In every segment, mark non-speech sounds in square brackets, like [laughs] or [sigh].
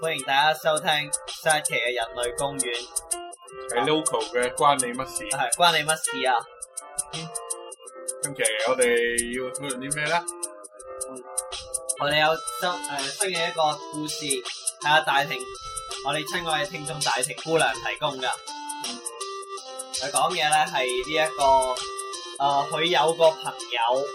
歡迎大家收聽《新一期嘅人類公園》。係 local 嘅，關你乜事？係關你乜事啊？今期我哋要討論啲咩咧？我哋有新誒新嘅一個故事，係阿大婷，我哋親愛嘅聽眾大婷姑娘提供噶。佢講嘢咧係呢一個誒，佢有個朋友，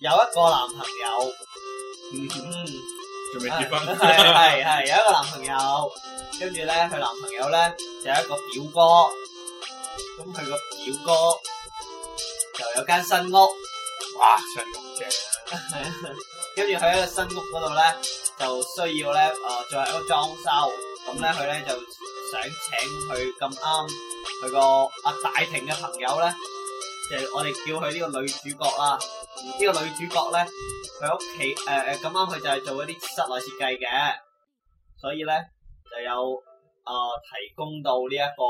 有一個男朋友。仲未結婚，係係有一個男朋友，跟住咧佢男朋友咧就有一個表哥，咁佢個表哥就有間新屋，哇，真係正，跟住佢喺一個新屋嗰度咧就需要咧誒做下一個裝修，咁咧佢咧就想請佢咁啱佢個阿大庭嘅朋友咧，就係我哋叫佢呢個女主角啦。呢個女主角咧，佢屋企誒誒，咁啱佢就係做一啲室內設計嘅，所以咧就有誒、呃、提供到呢一個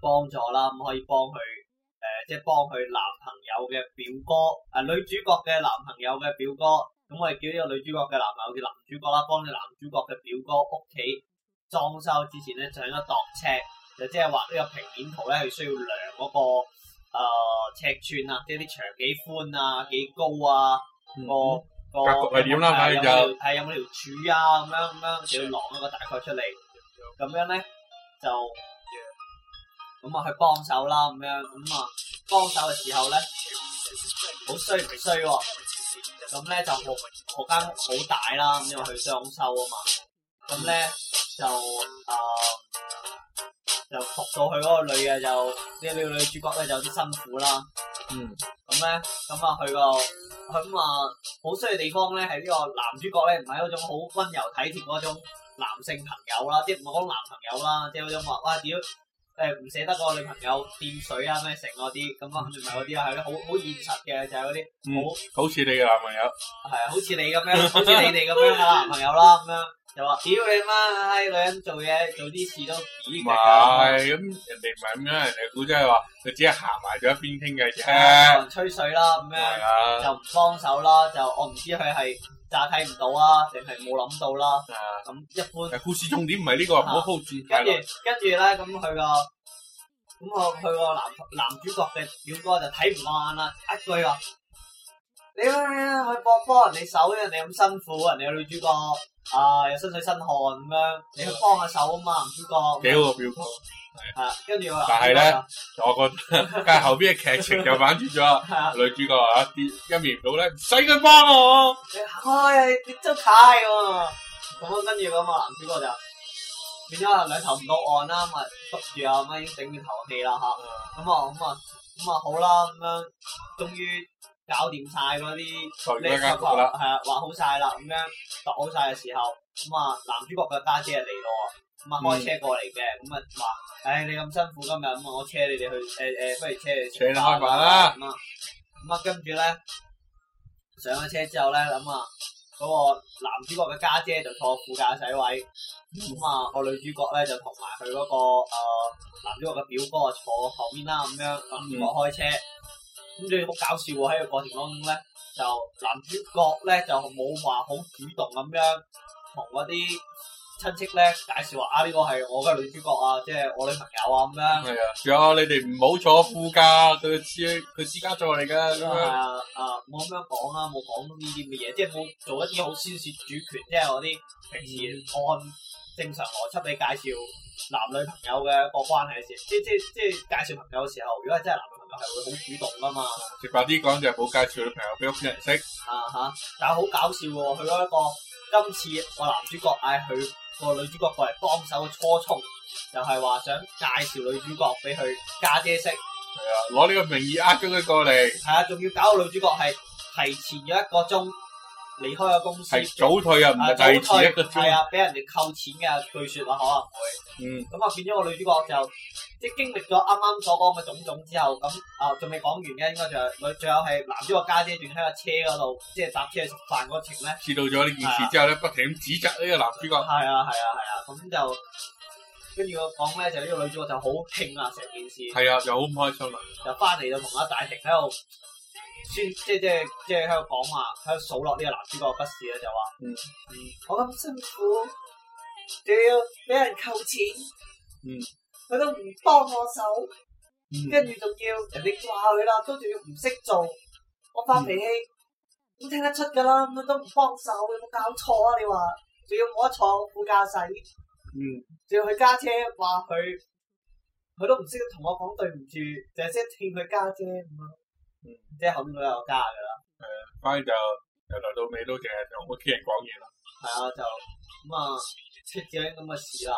幫助啦，咁、嗯、可以幫佢誒即係幫佢男朋友嘅表哥誒、呃、女主角嘅男朋友嘅表哥，咁我哋叫呢個女主角嘅男朋友叫男主角啦，幫你男主角嘅表哥屋企裝修之前咧就喺度度車，就即係畫呢個平面圖咧，佢需要量嗰、那個。誒、呃，尺寸啊，即係啲牆幾寬啊，幾高啊，嗯、個個格局係點啦，睇有睇有冇條柱啊，咁樣咁樣，先要量一個大概出嚟。咁樣咧就咁啊，去幫手啦，咁樣咁啊，幫手嘅時候咧好衰唔衰、啊？咁咧就屋屋間屋好大啦，因為佢裝修啊嘛。咁咧就誒。呃就服到佢嗰個女嘅就，呢、這個女的主角咧就有啲辛苦啦。嗯那呢。咁咧，咁啊佢個，佢咁話，好衰嘅地方咧係呢是這個男主角咧唔係嗰種好溫柔體貼嗰種男性朋友啦，即係唔係嗰種男朋友啦，即係嗰種話，哇、哎、屌，誒唔捨得個女朋友掂水啊咩成嗰啲，咁啊仲唔係嗰啲啊係咧，好好現實嘅就係嗰啲。嗯。好似你嘅男朋友。係啊，好似你咁樣，好似你哋咁樣嘅男朋友啦，咁 [laughs] 樣。就話屌、哎、你媽閪、哎、女人做嘢做啲事都屌嘅，係咁，人哋唔係咁樣，人哋估真係話佢只係行埋咗一邊傾偈啫，嗯、有人吹水啦，咁咩就唔幫手啦，就，就我唔知佢係詐睇唔到啦，定係冇諗到啦，咁一般。故事重點唔係呢個，唔好忽視。跟住跟住咧，咁佢個咁我佢個男男主角嘅表哥就睇唔過眼啦，一句啊！你、啊、去去幫幫人哋手，人你咁辛苦，人哋個女主角啊又身水身汗咁樣，你去幫下手啊嘛，男主角。幾個表哥，係跟住但係咧，我覺得但係後邊嘅劇情就反轉咗，女主角啊啲，一面到咧，唔使佢幫我。哎，跌足太喎，咁、嗯、啊跟住咁啊，男主角就變咗兩頭唔到岸啦，咪捉住啊，咪已經整住頭氣啦吓。咁啊咁啊咁啊好啦，咁、嗯、樣終於。搞掂晒嗰啲呢個係啊，畫好晒啦，咁樣畫好晒嘅時候，咁啊男主角嘅家姐嚟咗，咁、嗯、啊開車過嚟嘅，咁啊話唉你咁辛苦今日，咁啊我車你哋去，誒、呃、誒、呃、不如車你哋，車啦開吧啦。咁啊咁啊跟住咧上咗車之後咧咁啊嗰個男主角嘅家姐，姐就坐副駕駛位，咁啊個女主角咧就同埋佢嗰個誒、呃、男主角嘅表哥坐後面啦，咁樣咁啊、嗯、開車。咁仲要好搞笑喎！喺個過程當中咧，就男主角咧就冇話好主動咁樣同嗰啲親戚咧介紹話啊呢個係我嘅女主角啊，即係我女朋友啊咁樣，嗯啊。係啊，有你哋唔好坐副駕，佢私佢私家做嚟噶咁樣啊！冇咁樣講啊，冇講呢啲嘅嘢，即係冇做一啲好宣泄主權，即係我啲平日按正常邏輯嚟介紹男女朋友嘅個關係事，即即即介紹朋友嘅時候，如果係真係男女朋友。係會好主動噶嘛？直白啲講就係冇介紹女朋友俾屋企人識吓吓，uh-huh, 但係好搞笑喎！佢嗰一個今次個男主角嗌佢個女主角過嚟幫手嘅初衷，就係話想介紹女主角俾佢家姐識。係啊，攞呢個名義呃咗佢過嚟。係啊，仲要搞個女主角係提前咗一個鐘。.離開個公司係早退啊，唔係早退，係啊，俾、啊、人哋扣錢嘅，據說話可能會，嗯，咁啊，變咗個女主角就即係經歷咗啱啱所講嘅種種之後，咁啊仲未講完嘅，應該就係女，仲有係男主角家姐，姐，仲喺個車嗰度，即係搭車去食飯嗰程咧，知道咗呢件事之後咧、啊，不停指責呢個男主角，係啊係啊係啊，咁、啊啊啊啊、就跟住我講咧，就呢個女主角就好勁啊，成件事係啊，就好唔開心啊，就翻嚟，就同阿大婷喺度。即係即係即係喺度講話，喺度數落呢個男主角不士咧，就、嗯、話、嗯：我咁辛苦，仲要俾人扣錢，佢、嗯、都唔幫我手，跟住仲要人哋話佢啦，都仲要唔識做，我發脾氣、嗯、都聽得出噶啦，咁都唔幫手，有冇搞錯啊？你話仲要冇、嗯、得坐副駕駛，仲要佢家姐話佢，佢都唔識同我講對唔住，淨係識聽佢家姐咁嗯，即係後邊都有加噶啦。誒、嗯，反正就由頭到尾都淨係同屋企人講嘢咯。係啊，就咁、嗯、啊，出咗啲咁嘅事啦。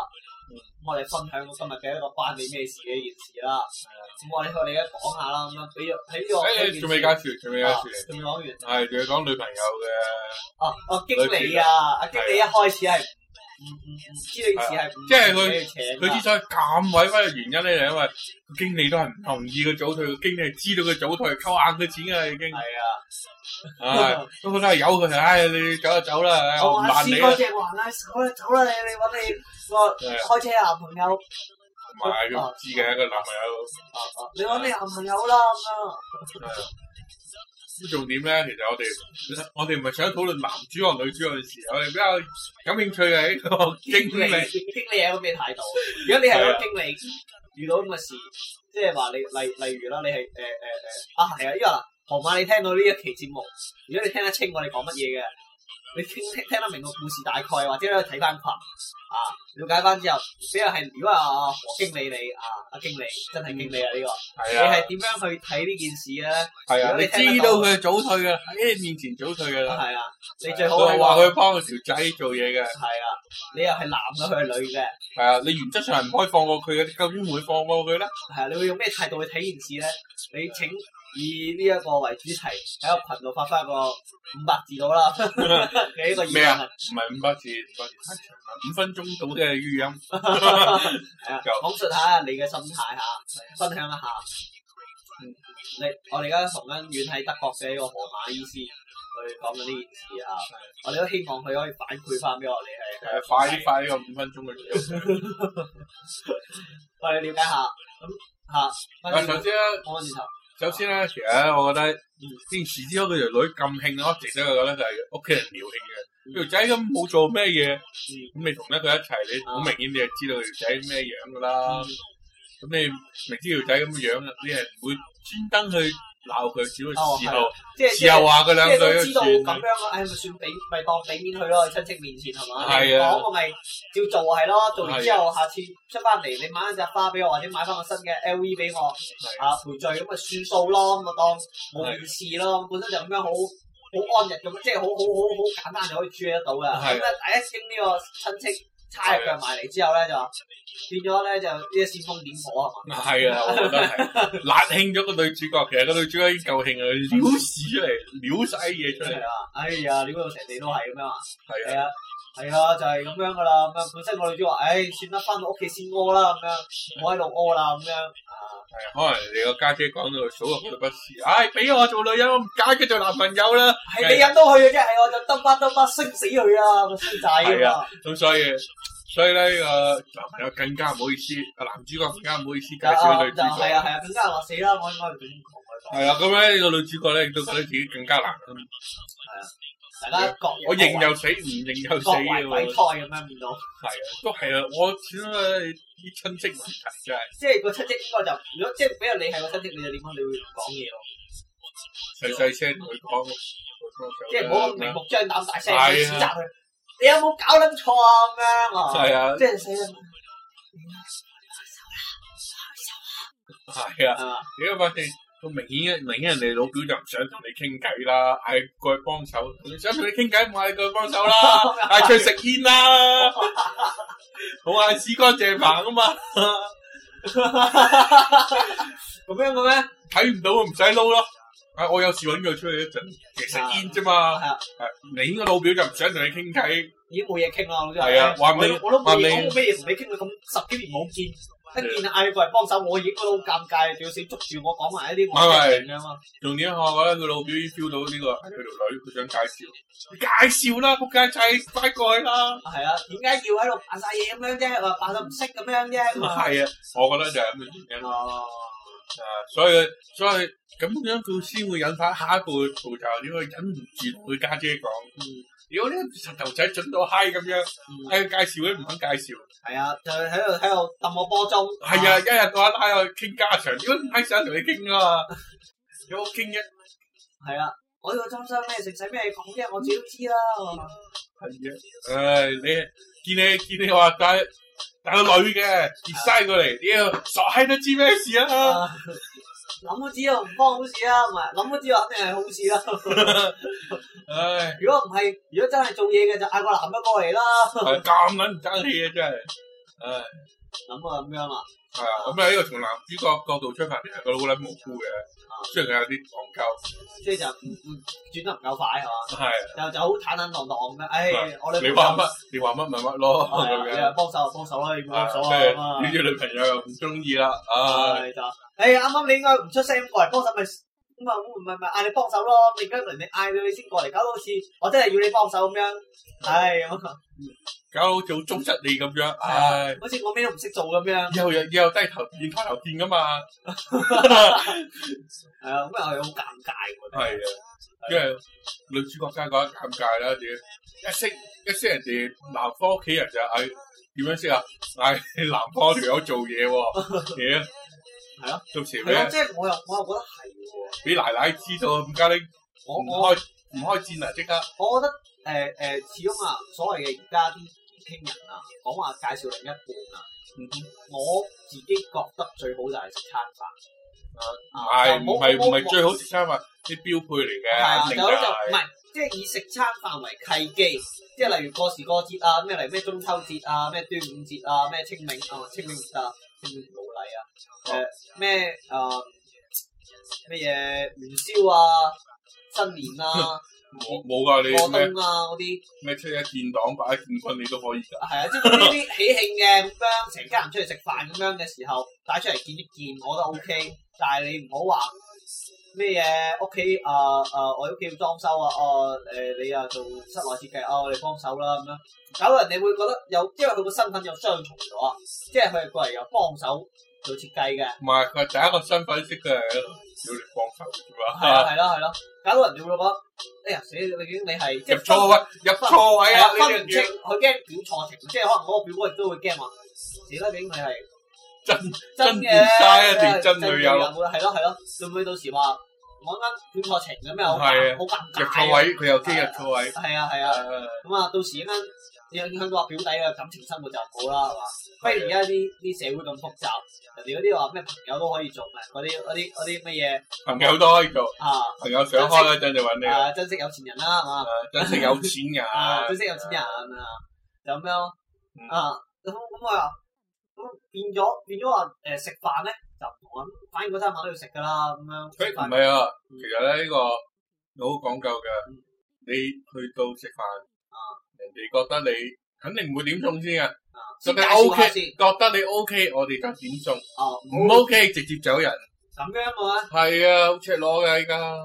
嗯，咁我哋分享我今日嘅一個關事事、嗯、你咩事嘅一,一、嗯欸、件事啦。係啊，咁我哋我哋而家講下啦，咁樣，比如，比如我，仲未介紹，仲未介紹，仲未講完，係仲要講女朋友嘅。哦哦，經理啊，阿經理一開始係。嗯，是啊，即係佢，佢之所以咁委屈嘅原因咧，就因為個經理都係唔同意佢早退。 [laughs] 經理係知道佢早退，扣硬佢錢啊，已經係 [laughs] 是啊，咁 [laughs] 我都係有佢唉，哎，你走就走啦， [laughs] 你啦。我試過借還啦，走啦走啦，你你搵你個開車男朋友，唔係嘅，知嘅一個男朋友， [laughs] [laughs] [laughs] 你搵你男朋友啦咁啊。 [laughs] [laughs] [laughs] 重點咧，其實我哋我哋唔係想討論男主角女主角嘅事。我哋比較感興趣嘅係一個經理經理係一個咩態度。如果你係一個經理遇到咁嘅事，即係話你例例如啦，你係誒誒誒，啊係啊，因為同埋你聽到呢一期節目，如果你聽得清我哋講乜嘢嘅。你聽聽得明個故事大概，或者睇翻群啊，了解翻之後，比係如，如果阿我、啊、經理你啊，阿、啊、經理真係經理啊呢、呢個，係啊、你係點樣去睇呢件事咧？係啊你，你知道佢早退嘅喺、啊、你面前早退嘅啦。係啊、啊，你最好我話佢幫條仔做嘢嘅。係啊，你又係男嘅，佢係女嘅。係啊，你原則上係唔可以放過佢嘅，你究竟會唔會放過佢咧？係啊，你會用咩態度去睇件事咧？你請。以呢一個為主題喺個群度發翻一個五百字到啦，你呢個意思？咩啊？唔係五百字，五百字，五分鐘到嘅語音。係 [laughs] 啊，講述一下你嘅心態吓，分享一下。你、嗯、我哋而家同恩遠喺德國嘅一個河馬醫師去講緊呢件事也、這個、 [laughs] 啊。我哋都希望佢可以反饋翻俾我哋係。快、嗯、啲，快呢個五分鐘嘅語音。我哋了解下，吓，唔先總我頭。首先咧，其實我覺得，件事之後佢條女咁興咯，其實我覺得就係屋企人撩興嘅。條仔咁冇做咩嘢，咁你同得佢一齊，你好明顯你就知道條仔咩樣噶啦。咁你明知條仔咁嘅樣，樣，你係唔會專登去。鬧佢，只會事後，之後話佢兩句，咁樣，咪算俾，咪當俾面佢咯，親戚面前係嘛？啊，講我咪照做係咯，做完之後，下次出翻嚟，你買一隻花俾我，或者買翻個新嘅 L V 俾我，我啊賠罪，咁咪算數咯，咁咪當冇事咯，本身就咁樣，好好安逸咁，即係好好好好簡單就可以處理得到嘅。咁第一次傾呢個親戚。踩腳埋嚟，之後咧，就變咗咧，就呢個煽風點火啊嘛，係啊，我覺得係，辣興咗個女主角，其實個女主角已經夠興啊！尿 [laughs] 屎嚟尿晒嘢出嚟啊，哎呀，撩到成地都係咁樣啊！係啊。係啊，就係、是、咁樣噶啦。咁、嗯、樣本身個女主話，唉、哎，算啦，返到屋企先屙啦。咁、嗯、樣我喺度屙啦。咁、嗯、樣。啊，可能你個家姐講到所都不善，唉，俾我做女人，我唔揀佢做男朋友啦。係你人都去嘅啫，係我就兜巴兜巴升死佢啊，個衰仔。係啊，所以所以咧，個男朋友更加唔好意思，個男主角更加唔好意思介紹女主角、嗯、就是、更加個女主角。係啊，係啊，更加話死啦，我應該做英雄嘅。係啊，咁咧個女主角咧都覺得自己更加難。係啊。大家各有，我認又死，唔認又死。鬼胎咁樣變到，係啊，都係啊，我要啊啲親戚問題真係，即係個親戚應該就如果即係比如你係個親戚，你就點講？你會講嘢咯，細細聲去講，即係冇明目張膽大聲指責佢，你有冇搞捻錯啊？咁樣啊，係啊，即係死啦，係啊，你有冇係、啊。咁明顯嘅，明顯人哋老表就唔想同你傾偈啦，嗌過去幫手。想你想同你傾偈，唔嗌佢幫手啦，嗌出去食煙啦。好啊，事乾淨白啊嘛。咁樣嘅咩？睇唔到唔使撈咯。啊，我有事搵佢出去一陣，其實食煙啫嘛。係明顯個老表就唔想同你傾偈，已經冇嘢傾啦。係啊，話唔，我都唔理做咩嘢同你傾，咁十幾年冇見。一見嗌過嚟幫手，我亦都好尷尬，仲要捉住我講埋一啲唔係唔重點一下嘅話，佢老表 feel 到呢、呢個係佢條女，佢想介紹，介紹啦，仆街仔，翻過去啦，係啊，點解要喺度扮晒嘢咁樣啫？扮到唔識咁樣啫，係啊，我覺得就咁樣咯，啊，所以所以咁樣佢先會引發下一個嘅步驟，點解忍唔住同佢家姐講。嗯如果呢個石頭仔蠢到嗨咁樣，喺度介紹都唔肯介紹，係、嗯、啊，就喺度喺度揼我波鐘，係啊，啊，一日到黑拉佢傾家常，如果唔係想同你傾啊，嘛， [laughs] 有冇傾嘅？係啊，我呢個裝修咩食世咩講啲我自己都知啦，係啊，唉、嗯啊啊呃，你見你見你話帶帶個女嘅熱晒過嚟，屌、啊，傻閪都知咩事啊？啊啊諗都知道唔幫好事啦，唔係諗都知道肯定係好事啦。唉、 [laughs] [laughs] 哎，如果唔係，如果真係做嘢嘅就嗌個男嘅過嚟啦。咁樣、啊、 [laughs] 真係嘅真係，唉、哎。咁啊，咁樣啦，係啊，咁啊，呢個從男主角角度出發，其實個老捻無辜嘅、啊，雖然佢有啲講究，即係就唔唔轉得夠快係嘛，係、啊，又就好坦坦蕩蕩嘅，哎，我你話乜你話乜咪乜咯，係、嗯、啊，幫手就幫手咯，冇所謂咁啊，呢啲女朋友又唔中意啦，唉，就，哎，啱啱你應該唔出聲過嚟幫手咪，咁啊，唔係唔嗌你幫手咯，你跟家嚟你嗌到你先過嚟，搞到好似我真係要你幫手咁樣，唉，搞到做忠臣你咁樣，唉、哎啊，好似我咩都唔識做咁樣。以後又以後低頭，以後翻頭見噶嘛。係啊，咁又係好尷尬。係啊，因為、啊啊因為啊、女主角真係覺得尷尬啦，點一識一識人哋男方屋企人就係點樣識啊？係、哎、男方條友做嘢，係啊，做、 [laughs] 啊啊、蛇咩？即係、啊就是、我又我又覺得係喎，俾奶奶知道咁家拎，我，我開唔開戰略、啊、即刻。我覺得誒誒、呃呃，始終啊，所謂嘅而家啲。傾人啊，講話介紹另一半啊、嗯，我自己覺得最好就係食餐飯，係唔係唔係最好食餐飯？啲標配嚟嘅，係啊，就唔係即係以食餐飯為契機，即係例如過時過節啊，咩嚟咩中秋節啊，咩端午節啊，咩清明啊，清明節啊，清明掃禮啊，誒咩誒咩嘢元宵啊，新年啦、啊。 [laughs] 冇冇噶你咩？過冬啊嗰啲咩出一建黨擺一見你都可以噶係 [laughs] 啊，即係嗰啲喜慶嘅咁樣，成家人出嚟食飯咁樣嘅時候，帶出嚟見一見，我都 O、OK, K。但係你唔好話咩嘢屋企啊啊，我屋企要裝修啊，誒、呃呃，你啊做室內設計，哦、呃啊呃，你幫手啦咁樣，搞人你會覺得有，因為佢個身份又雙重咗即係佢係過嚟又幫手做設計嘅。唔係，佢係第一個身份識嘅，要你幫手嘛。係 [laughs] 啊，係咯、啊，係咯、啊。是啊搞到人哋會覺得，哎呀死！你驚你係入錯位，入錯位啊！嗯、分唔清，佢驚表錯情，即係可能嗰個表哥亦都會驚話，死啦！點佢係真真嘅？真，真女友係咯係咯，會唔會到時話我啱表錯情嘅咩？好係好尷尬。入錯位，佢又驚入錯位。係啊係啊，咁啊到時啱又影響到話表弟嘅感情生活就好啦，係嘛？不如而家啲啲社會咁複雜。人哋嗰啲話咩朋友都可以做咪？嗰啲啲啲乜嘢？朋友都可以做啊！朋友想開啦、啊，真就搵你啊！珍惜有錢人啦，係嘛？珍惜有錢人啊！珍、啊、惜有錢人咁樣啊？啊有咩咯、啊？啊咁咁咁變咗變咗話誒食飯咧就唔同啊，啊嗯啊呃、反而嗰餐飯都要食噶啦咁樣。唔係、欸、啊，其實咧呢個好講究嘅、嗯，你去到食飯啊，人哋覺得你肯定唔會點餸先嘅。咁你 O、OK, K，覺得你 O、OK, K，我哋就點做？哦，唔 O K，直接走人。咁樣嘛？係啊，好赤裸嘅依家。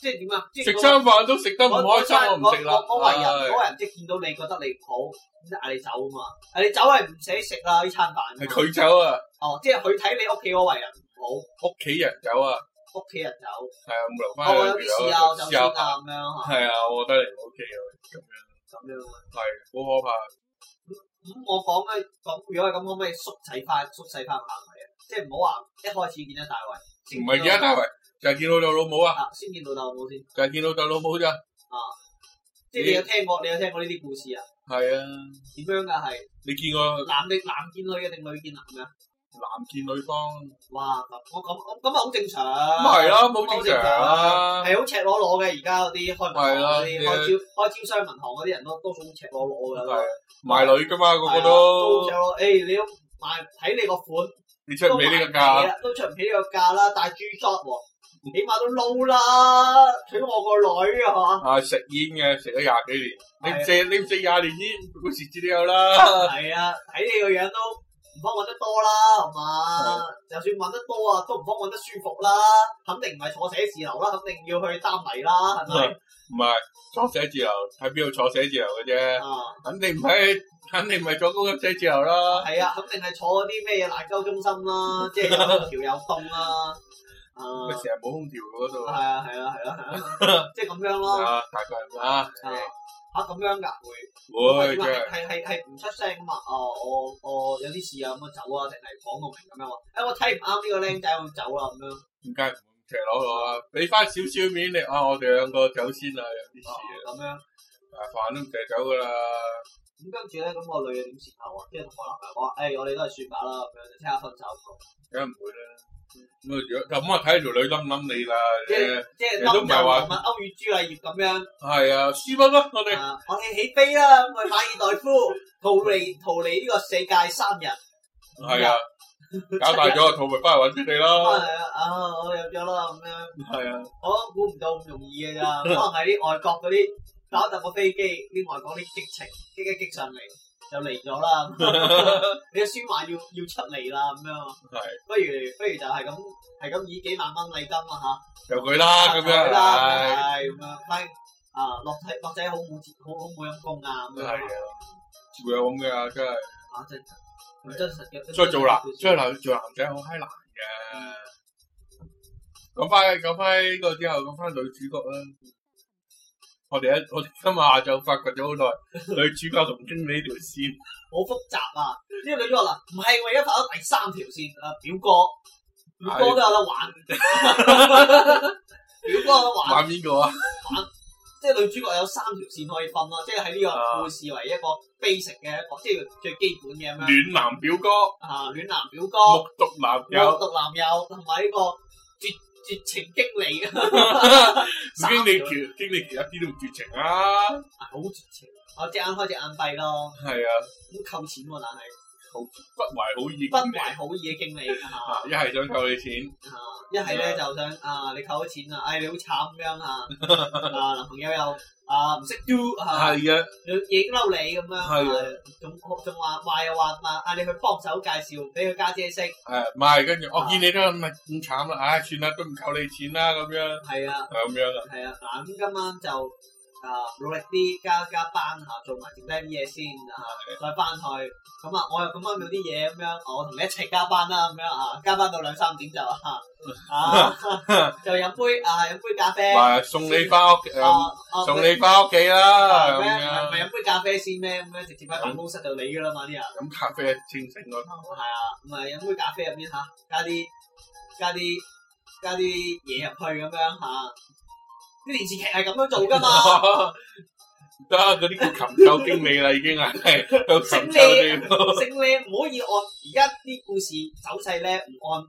即係點啊？食餐飯都食得唔開心，我唔食啦。我為人，我、哎、人即見到你覺得你唔好，咁嗌你走啊嘛。係你走係唔使食啦，呢餐飯。係佢走啊。哦，即係佢睇你屋企嗰位人唔好。屋企人走啊。屋企人走。係啊，冇留翻、哦。我有啲事我我試試試試試試啊，就咁樣。係啊，我覺得你唔 O K 啊，咁樣。咁樣、啊。係，好可怕。咁、嗯、我講咧，咁如果係咁，可唔可以縮細翻、縮細翻大啊？即係唔好話一開始見到大衛，唔係而家大衛，就係見到老、就是、見老豆、老母啊，啊！先見老豆老母先，就係、是、見老豆老母咋？啊，即係你有聽過，你，你有聽過呢啲故事是啊？係啊。點樣噶係？你見過男定男見女嘅，定女見男係男見女方，哇！我咁咁咁啊，好、啊、正常。咁係啦，冇正常。啊！係好赤裸裸嘅，而家嗰啲開銀行嗰啲、啊、開招開招商銀行嗰啲人都，多多好赤裸裸嘅。係賣、啊、女噶嘛，個、啊那個都。都赤裸。誒、欸，你都賣睇你個款，你出唔起呢個價。都出唔起呢個價啦，但係 G drop 喎，起碼都撈啦。娶我個女啊，嗬。啊！食煙嘅食咗廿幾年，你唔食你唔食廿年煙，個血脂都有啦。係啊，睇你個、啊啊啊、 [laughs] 樣都。唔方揾得多啦，係嘛？就算揾得多啊，都唔方揾得舒服啦。肯定唔係坐寫字樓啦，肯定要去擔泥啦，係咪？唔係坐寫字樓，喺邊度坐寫字樓嘅啫？啊！肯定唔係，肯定唔係坐高級寫字樓啦。係啊，肯定係坐啲咩嘢爛鳩中心啦， [laughs] 即係又熱又凍啦。啊！咪成日冇空調嘅嗰度。係啊係啊係啊，即係咁樣咯。啊，大概啊。吓、啊、咁樣噶會會係係係唔出聲啊嘛，哦，我我，我有啲事啊咁啊走啊，定係講到明咁、欸、樣啊？我睇唔啱呢個僆仔咁走啊咁樣，點解唔騎攞佢啊？俾翻少少面你啊！我哋兩個走先啊！有啲事啊咁樣，啊凡都唔借走噶啦。咁跟住咧，咁個女嘅點時候啊？即係同我男朋友講，哎我哋都係算罷啦，咁樣聽下分手咁。梗係唔會啦。咁、嗯、啊，就咁啊，睇條女諗唔諗你啦，即係即係都唔係話歐與朱麗葉咁樣，係啊，書斌啊，我哋我哋起飛啦，去馬爾代夫 [laughs] 逃離逃離呢個世界三、啊、日，係啊，搞大咗個肚咪翻嚟搵你嚟咯、 [laughs] 啊，啊，我有咗啦咁樣，係啊，我估唔到咁容易嘅咋，可能係啲外國嗰啲搞大個飛機，啲 [laughs] 外國啲激情激激激上嚟。就嚟咗啦， [laughs] [laughs] 你嘅孫話要要出嚟啦咁樣，不如不如就係咁，係咁以幾萬蚊禮金啊嚇，由佢啦咁樣，係咁樣，咪啊落仔落仔好冇，好好冇陰功啊咁樣，係啊，會有咁嘅真係，真係，唔、啊就是、真實嘅，出去做啦，出去做男仔好閪難嘅、嗯，講翻講翻呢個之後，講翻女主角啦。我哋喺我哋今日下晝發掘咗好耐女主角同經理條線，好 [laughs] 複雜啊！呢、這個女主角啦，唔係我而家發咗第三條線啊，表哥，表哥都有得玩， [laughs] [laughs] 表哥也有得玩。玩邊個啊？玩，即係女主角有三條線可以瞓咯，即係喺呢個故事 [laughs] 為一個悲 a s e 嘅一個，即係最基本嘅咩？樣。男表哥啊，戀男表哥，木、嗯、獨、啊、男，男友，木獨男友，同埋呢個。絕情經理㗎 [laughs] 殺掉了笑經理，經理其實一啲都唔絕情啊，好、啊、絕情、啊，我隻眼開隻眼閉咯，係啊，啊，好扣錢喎，但係。不懷好意，不懷好意嘅經理一係 [laughs] 想扣你錢，啊，一係咧就想啊，你扣咗錢啦，哎，你好慘咁樣啊， [laughs] 啊，啊，男朋友又啊唔識 do 係你影嬲你咁樣，仲仲話又話啊，你去幫手介紹俾佢家姐，姐識，係，唔係，跟住我見你都唔係咁慘啦，唉，算啦，都唔扣你錢啦咁樣啊，係啊，啊，係咁樣啦，係啊，嗱，咁今晚就。啊！努力啲，加加班啊，做埋剩低啲嘢先再翻去。咁啊，我又咁啱有啲嘢咁樣，我同你一齊加班啦咁樣啊，加班到兩三點就就飲杯啊，飲杯啊、飲杯咖啡。送你翻屋，送你翻屋企啦。唔係唔係飲杯咖啡先咩？咁咩？直接喺辦公室就你噶啦嘛啲人。咁咖啡清醒啲。係啊，唔係飲杯咖啡入邊吓，加啲加啲加啲嘢入去咁樣吓。啊啲電視劇係咁樣做噶嘛？而家嗰啲叫禽獸經理啦，已經係。升 [laughs] 靚，升靚，唔 [laughs] 可以按而家啲故事走勢咧，唔按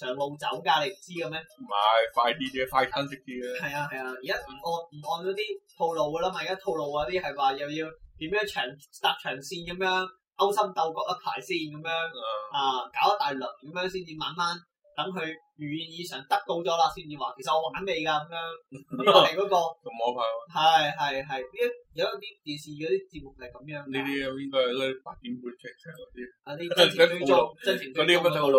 常路走噶，你知嘅咩？唔係，快啲啲，快餐食啲咧。係啊係啊，而家唔按唔按嗰啲套路噶啦嘛？而家套路嗰啲係話又要點樣長搭長線咁樣勾心鬥角一排先咁樣、嗯、啊，搞一大輪咁樣先至慢慢。等佢如願以償得到咗啦，先至話。其實我玩你噶咁樣，樣樣樣我哋嗰、那個同我怕，係係係。呢有啲電視嗰啲節目係咁樣，呢啲應該係嗰啲八點半出場嗰啲啊啲。真情套路，真情，套路，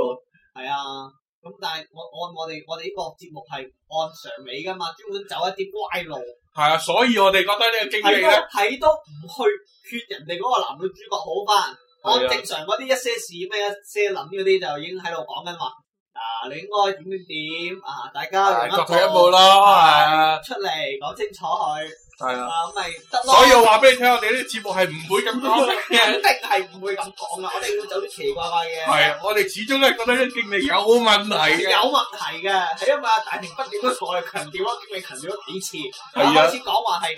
係啊。咁但係我我我哋我哋呢個節目係按常理噶嘛，專門走一啲歪路。係啊， [music] 所以我哋覺得呢個經歷咧，係都唔去缺人哋個男女主角好翻。按正常啲一些事咩一些諗啲，就已經喺度講緊話。嗱、啊，你應該點點點啊！大家各退一步咯，係、啊、出嚟、啊、講清楚佢係啊，咁咪得咯。所以我話俾你聽， [laughs] 我哋呢啲節目係唔會咁講 [laughs] [laughs] 肯定係唔會咁講啦， [laughs] 我哋會走啲奇怪怪嘅。係啊，我哋始終都係覺得啲經理有問題嘅，啊、有問題嘅，係 [laughs] 啊嘛。大庭不斷都同我哋強調咯，經理強調咗幾次，下開始講話係誒、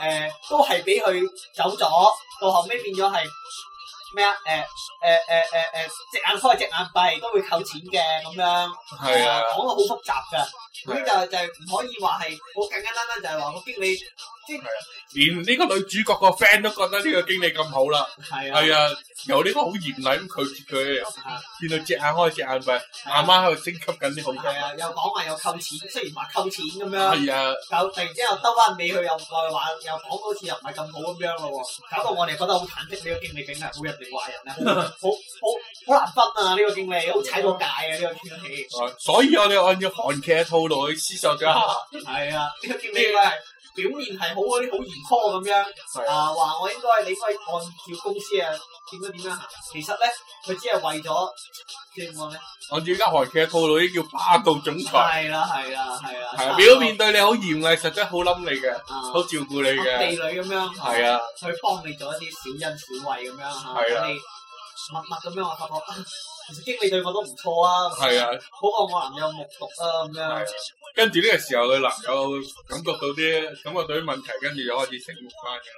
呃，都係俾佢走咗，到後尾變咗係。咩啊？誒誒誒誒誒，隻、呃呃呃呃、眼開隻眼閉都會扣錢嘅咁樣啊，講個好複雜噶。咁、啊、就就唔可以話係我簡簡單單就係話我逼你。係啊，連呢個女主角個 friend 都覺得呢個經理咁好啦。係啊，由呢個好嚴厲咁拒絕佢，見到隻眼開隻眼閉，阿媽喺度升級緊啲好嘢啊！又講話又扣錢，雖然話扣錢咁樣，係啊，突然之間又兜翻尾，去，又再話又講到又唔係咁好咁樣咯，搞到我哋覺得好忐忑，呢、這個經理點啊？ [laughs] 好人定壞人啊？好好好難分啊！呢、這個經理好踩到界啊！呢、這個串戲。 [laughs] 所以我哋按照韓劇套路去思索了一下。係啊，呢、這個經理表面係好嗰啲好嚴苛咁樣，很啊話、呃、我應該你可以按照公司啊點樣點樣，其實咧佢只係為咗點講我咧，按照而家韓劇嘅套路，呢叫霸道總裁。係啦係啦係啦。係、啊啊啊、表面對你好嚴厲，實質好冧你嘅，好、啊、照顧你嘅。地女咁樣，係啊，佢、啊、幫你做一啲小恩小惠咁樣嚇，佢、啊啊、你默默咁樣我發覺。婆婆啊。其實經理對我都唔錯啊，係啊，好過我男友目毒啊，咁樣。啊、跟住呢個時候，佢男友感覺到啲，感覺到啲問題，跟住就開始醒目翻嘅。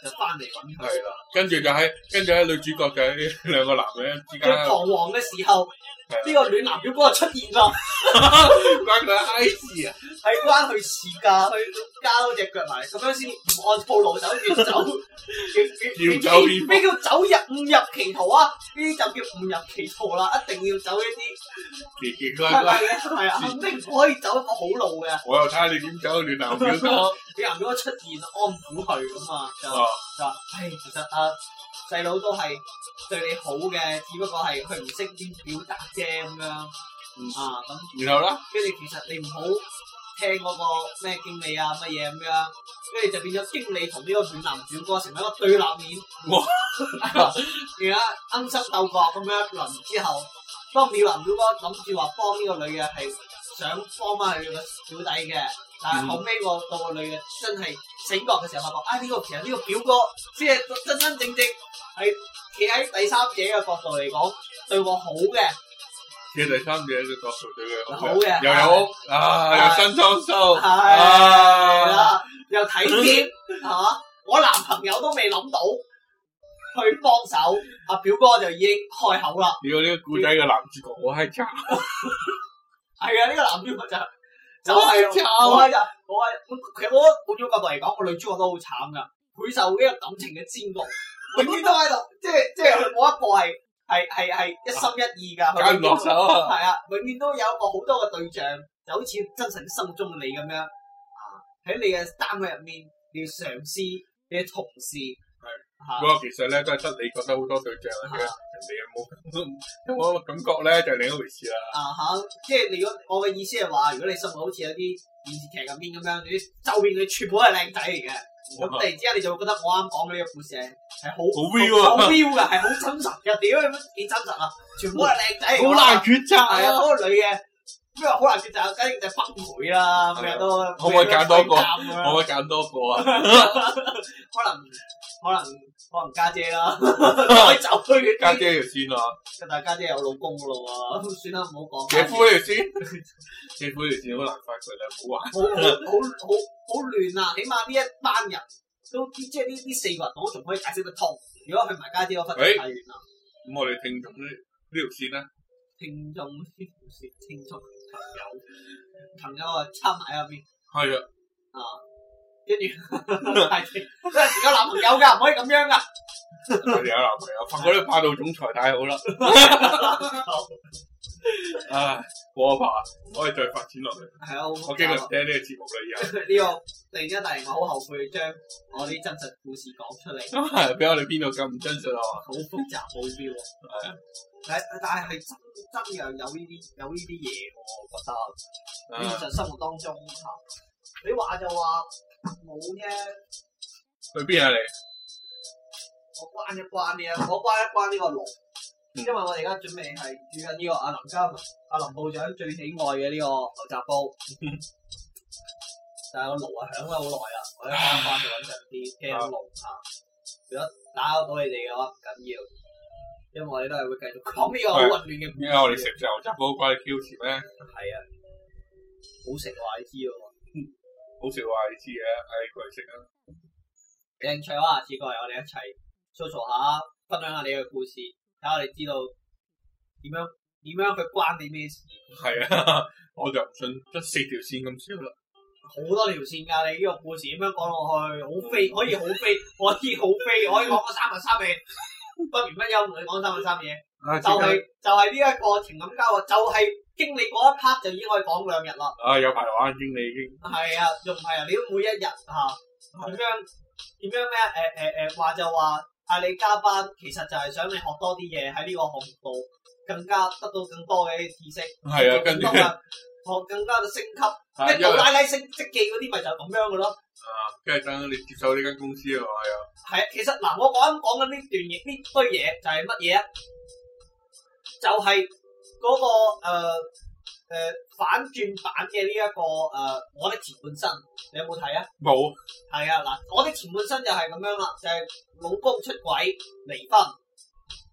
就翻嚟搵佢。係啦、啊，跟住就喺、是，跟住喺女主角嘅兩個男人之間彷徨嘅時候。呢、這個暖男表哥就出現咗， [laughs] 關佢 I G 啊，係關佢事噶。佢加多隻腳埋，咁樣先唔按套路走，要走， [laughs] 要，要， [laughs] 要走，要走。咩叫走入誤入歧途啊？呢啲就叫誤入歧途啦，一定要走一啲。點 [laughs] 啊？係啊，肯定唔可以走一個好路嘅。我又睇下你點走暖男表哥， [laughs] 暖男表哥，出現，安撫佢噶嘛？就就，走，就啊。哎細佬都係對你好嘅，只不過係佢唔識點表達啫，咁樣啊咁。然後呢，跟住其實你唔好聽嗰個咩經理啊乜嘢咁樣，跟住就變咗經理同呢個女男主角成為一個對立面。哇！而家恩恩鬥角咁樣一輪之後，當女男表哥諗住話幫呢個女嘅係想幫翻佢個表弟嘅，但係後尾個個、嗯、女嘅真係醒覺嘅時候，發覺啊呢、哎呢個其實呢個表哥先係真真正正。係企喺第三者嘅角度嚟講，對我好嘅。企喺第三者嘅角度對佢好嘅，又有啊，又有新裝修，係啊，是又體貼吓。我男朋友都未諗到去幫手、啊、表哥就已經開口啦。你有這個呢個古仔嘅男主角我閪渣，係啊，呢、這個男主角就就是、係我係我其實我我種角度嚟講，個女主角都好慘噶，佢受呢個感情嘅煎熬。永遠都喺度， [laughs] 即係即係冇一個係係係係一心一意噶，咁唔啊！係啊，永遠都有一個好多嘅對象，就好似真實心中嘅你咁樣啊，喺你嘅單位入面，你上司你嘅同事係。不過、啊、其實咧，都係得你覺得好多對象嘅、啊，人哋冇。 [laughs] 我的感覺咧就係另一回事啦。啊即係如果我嘅意思係話，如果你生活好似有啲電視劇入面咁樣，你周邊你全部係靚仔嚟嘅。咁突然之間，你就會覺得我啱講嘅呢個故事係好好標啊微，好標嘅係好真實嘅，屌幾真實啊！全部係靚仔，好難抉擇係啊，嗰個女嘅，咁個好難抉擇啊？梗係就崩潰啦，成日都可唔可以揀多個？可唔可以揀多個啊？可 [laughs] 能 [laughs] 可能。可能可能家姐啦，再 [laughs] 走。家姐條線啊，但家姐，姐有老公咯喎， [laughs] 算啦，唔好講。姐夫條線，姐夫條線， [laughs] 夫條線難 [laughs] 好難講，佢哋唔好話。好，好好亂啊！起碼呢一班人都即係呢呢四個人，我仲可以解釋得通。如果係埋家姐，姐太太了，哎、我分然太遠啦。咁我哋聽眾呢條線咧，聽眾線，聽眾朋友，朋友啊，插埋一邊。係啊。啊。跟住，暫 [laughs] 時 [laughs] 有男朋友噶，唔可以咁樣噶。佢哋有男朋友，發覺啲霸道總裁太好啦。唉 [laughs] [laughs] [laughs] 哎，過一排唔可以再發展落去。係啊，我經過聽呢個節目啦，又呢、 [laughs] 這個突然間，突然我好後悔將我啲真實故事講出嚟。咁係，比我哋邊度咁唔真實啊？好 [laughs] 複雜，冇標係啊。但係但係係真真樣有呢啲有呢啲嘢，我覺得現、啊、實生活當中，你話就話。冇啫，去邊啊你？我關一關呢，我關一關呢個爐，因為我而家準備係煮緊呢個阿林生、阿林部長最喜愛嘅呢個牛雜煲。但係個爐係響咗好耐啊，我一關關就穩陣啲聽爐啊，如果打擾到你哋嘅話唔緊要，因為我哋都係會繼續講呢個好混亂嘅。點解我哋食就牛雜煲關 Q 咩咧？係啊，好食話你知啊嘛。好笑話，你知嘅，誒，過嚟食啊。有興趣嘅話下次過嚟，我哋一齊訴訴下，分享下你嘅故事，睇下你知道點樣點樣去關你咩事？係啊，我就唔信得四條線咁少啦。好多條線㗎，你呢個故事點樣講落去？好飛，可以好飛，可以好飛，可以講個三日三夜，不眠不休同你講三日三夜，就係就係呢一個情感交流，就係。經歷嗰一 part 就已經可以講兩日啦。啊，有排玩經歷已經。係啊，仲係啊，你都每一日吓，咁樣點樣咩？誒誒誒，話就話，啊、呃呃呃、說說啊你加班，其實就係想你學多啲嘢喺呢個行業度，更加得到更多嘅知識，係啊，更多嘅 [laughs] 學，更加嘅升級。你老拉拉升職記嗰啲咪就係咁樣嘅咯。啊，跟係等你接受呢間公司啊嘛啊，係、啊，其實嗱、啊，我講緊講緊呢段嘢，呢堆嘢就係乜嘢啊？就係、是。嗰、那個誒誒、呃呃、反轉版嘅呢一個誒我的前半生，你有冇睇啊？冇。係啊，嗱，我的前半生、啊、就係咁樣啦，就係、是、老公出軌離婚，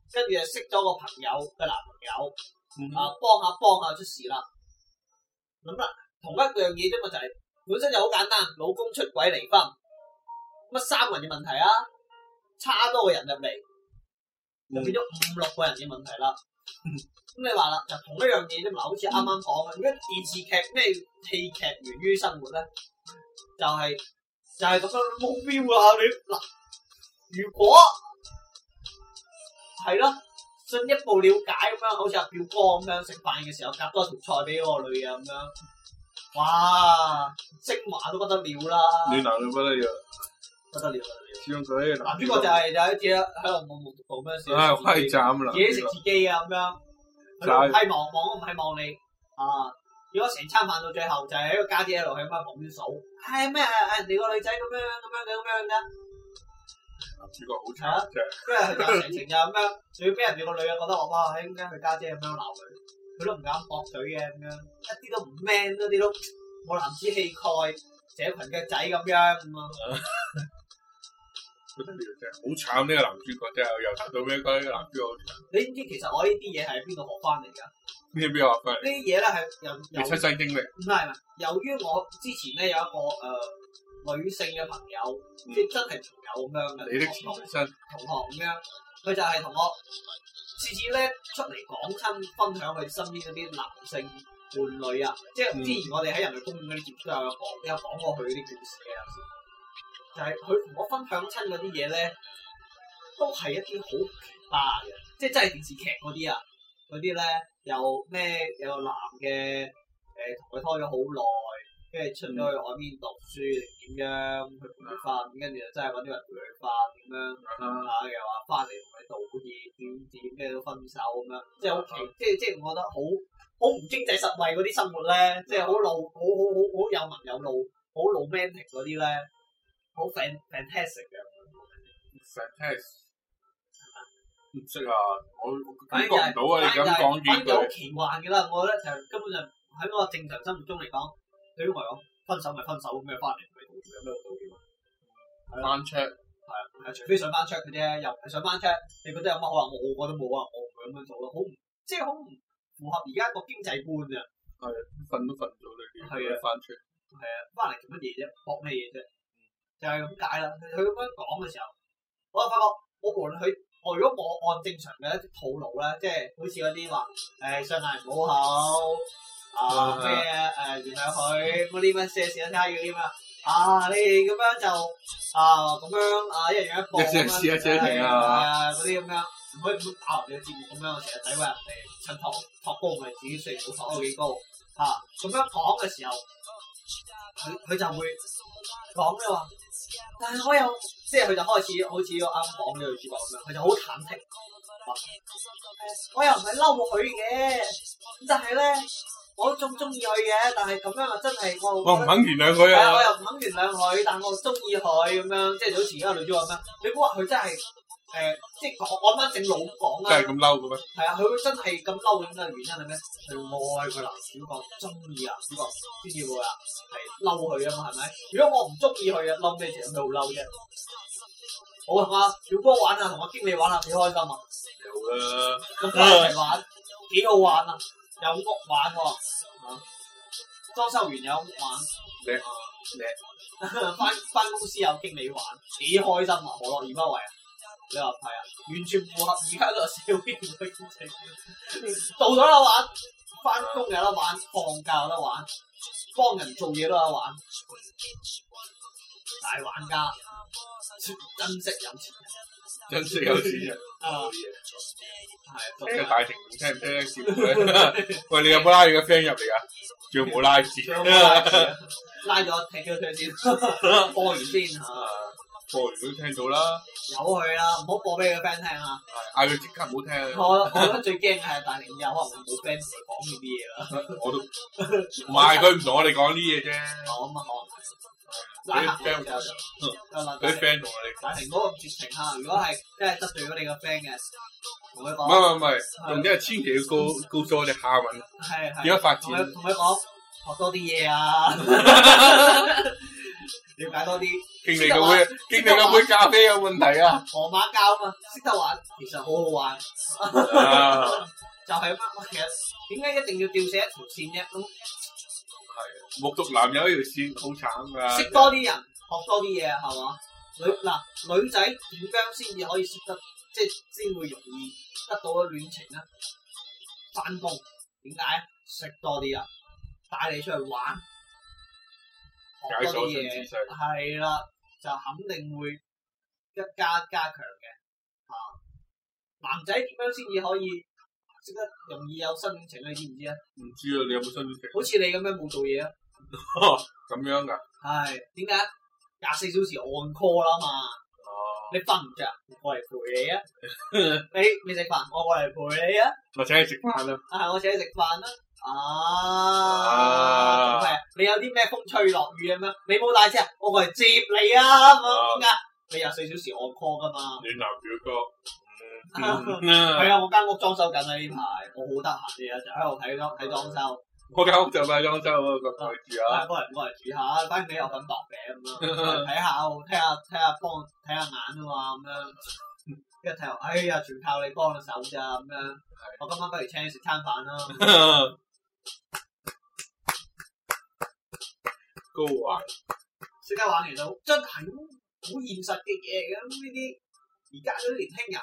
跟住就識咗個朋友嘅男朋友，嗯、啊，幫啊幫下、啊、幫下、啊、出事啦。諗啦，同一樣嘢啫嘛，就係本身就好簡單，老公出軌離婚，乜三個人嘅問題啊，差多個人入嚟，就變咗五、嗯、六個人嘅問題啦。嗯咁你話啦，就同一樣嘢啫嘛，好似啱啱講嘅，如果電視劇咩戲劇源於生活咧，就係就係咁樣目標啊你嗱，如果係咯，進一步了解咁樣，好似阿表哥咁樣食飯嘅時候夾多條菜俾我女啊咁樣，哇，升華都不得了啦，你男女不得了，不得了，不得了，不得了，不得了啊！男主角就係、是、就係好似喺度冇冇目睹咩事，自己食自己啊咁樣。係望望我唔係望你，你啊！如果成餐飯到最後就係一個家姐一路喺咩旁邊數，係咩係係人哋個女仔咁樣咁樣嘅咁樣嘅。主角好差，佢、啊、係 [laughs] 成成就咁樣，仲要俾人哋個女嘅覺得哇！啊、姐姐點解佢家姐咁樣鬧佢？佢都唔敢駁嘴嘅咁樣，一啲都唔 man，嗰啲都冇男子氣概，社群嘅仔咁樣咁啊。 [laughs] 好、嗯、慘呢、這個男主角啫，又查到咩鬼？這個、男主角，你知其實我呢啲嘢係邊度學翻嚟噶？咩邊學翻嚟？呢啲嘢咧係由由親身經歷。唔係唔由於我之前咧有一個誒、呃、女性嘅朋友，即、嗯、真係朋友咁樣嘅，你的前同生同學咁樣，佢就係同我次次咧出嚟講親，分享佢身邊嗰啲男性伴侶啊，即係之前我哋喺人類公園嗰啲接觸都，有講有講過佢嗰啲故事嘅。就係佢同我分享親嗰啲嘢咧，都係一啲好奇葩嘅，即係真係電視劇嗰啲啊嗰啲咧，有咩有個男嘅誒同佢拖咗好耐，跟住出咗去海邊讀書定點樣？佢陪佢瞓，跟住就真係揾啲人陪佢瞓咁樣下，又話翻嚟同佢道歉，點點咩都分手咁樣，即係好奇即係即係我覺得好好唔經濟實惠嗰啲生活咧，yeah. 即係好老好好好好有文有路好老 m a n 啲咧。很 nom, 那些呢好 fantastic 嘅 fantastic 唔識啊，我感覺唔到啊！你咁講完嘢好奇幻嘅啦，我呢就根本就喺我正常生活中嚟講，對於我嚟講，分手咪分手咁樣翻嚟，有咩討厭？翻 check 係啊，除非上翻 check 嘅啫，又唔係上翻 check，你覺得有乜好啊？我覺得冇啊，我唔會咁樣做咯，好唔即係好唔符合而家個經濟觀啊！係瞓都瞓唔到你，你翻 check 係啊，翻嚟做乜嘢啫？搏咩嘢啫？就係咁解啦。佢佢咁樣講嘅時候，我就發覺我無論佢，我如果我按正常嘅一套路咧，即係好似嗰啲話上嚟唔好啊咩嘢原諒佢嗰啲乜嘢下線下要啲咩？啊，你咁樣就啊咁樣啊一樣一樣播啊嗰啲咁樣，唔、啊啊啊啊、可以咁打攪你嘅節目咁樣，成日詆譭人哋襯托托高嚟自己成日冇託到幾高嚇，咁、啊、樣講嘅時候，佢佢就會講咩話？但係我又即係佢就開始好似我啱講嘅個主角咁樣，佢就好坦誠，我又唔係嬲佢嘅，就係咧我仲中意佢嘅，但係咁樣又真係我我唔肯原諒佢啊！我又唔肯原諒佢，但我中意佢咁樣，即係好似而家女主角咁啊！你估啊，佢真係。誒、呃，即係我我阿媽整老講啦，真係咁嬲嘅咩？係啊，佢、啊、會真係咁嬲嘅咁嘅原因係咩？係愛佢男主角，中意啊，主角，先至會啊，係嬲佢啊嘛，係咪、啊啊？如果我唔中意佢啊，嬲咩啫？咁咪好嬲啫。好啊，小哥玩啊，同我經理玩啊，幾開心啊！有啊！咁埋一齊玩，幾、啊、好玩啊！有屋玩喎、啊，裝、啊、修完有屋玩。咩？咩？你翻翻公司有經理玩，幾開、啊、開心啊！何樂而不為、啊。你話係啊，完全符合而家個社會嘅心情。做咗啦玩，翻工有得玩，放假有得玩，幫人做嘢都有得玩。大玩家，珍惜有錢人，珍惜有錢人、啊 [laughs] 啊。啊，係 [laughs] [laughs] 啊，即係大庭，聽唔聽得少？喂，你有冇拉你個 friend 入嚟噶？仲冇拉住，拉咗踢咗佢先，放完先啊。 [laughs] [laughs] 播完都聽到啦，有佢啦，唔好播俾佢 friend 聽嚇，嗌佢即刻唔好聽。我我覺得最驚係大庭有可能會冇 friend 講呢啲嘢啦。我都唔係佢唔同我哋講呢啲嘢啫。講乜講？嗱啲 friend，嗱啲 friend，同我哋。大庭嗰個絕情嚇，如果係真係得罪咗你個 friend 嘅，同佢講。唔唔唔，同啲係千祈要告、嗯、告訴我哋下文，而家發展？同佢講學多啲嘢啊！ [laughs] 了解多啲，經理嘅會，經理嘅杯咖啡有問題啊！河馬教啊嘛，識得玩，其實好好玩，啊、 [laughs] 就係啊嘛，其實點解一定要吊死一條線啫？咁係啊，木獨男友一條線，好慘噶。識多啲人，學多啲嘢，係嘛？女嗱、呃、女仔點樣先至可以識得，即係先會容易得到嘅戀情啊？翻工點解？識多啲啊，帶你出去玩。多解鎖啲嘢，係啦，就肯定會一加加強嘅、啊。男仔點樣先至可以識得容易有新感情咧？你知唔知啊？唔知啊？你有冇新感情？好似你咁樣冇做嘢啊？咁 [laughs] 樣噶？係點解廿四小時按 call 啦嘛？你瞓唔着，我過嚟陪你啊！你未食飯，我過嚟陪你， [laughs] 你，你，我過陪你，我你啊！我請你食飯啦！係我請你食飯啦！啊，係啊，啊！你有啲咩風吹落雨啊？咩？你冇帶車，我過嚟接你啊！點、啊、解、啊？你廿四小時按 call 㗎嘛？暖男表哥，係、嗯、 [laughs] [laughs] 啊！我間屋裝修緊啊！呢排我好得閒嘅，就喺度睇裝睇裝修。嗰間屋就咪裝修過！嗰個人過嚟住下，反正你有份薄餅咁樣，睇下、聽下、聽下幫、睇下眼啊嘛咁樣。一睇下，哎呀，全靠你幫手咋咁樣。我今晚不如請你食餐飯啦。講話，識得玩其實真係好現實嘅嘢咁呢啲。而家啲年輕人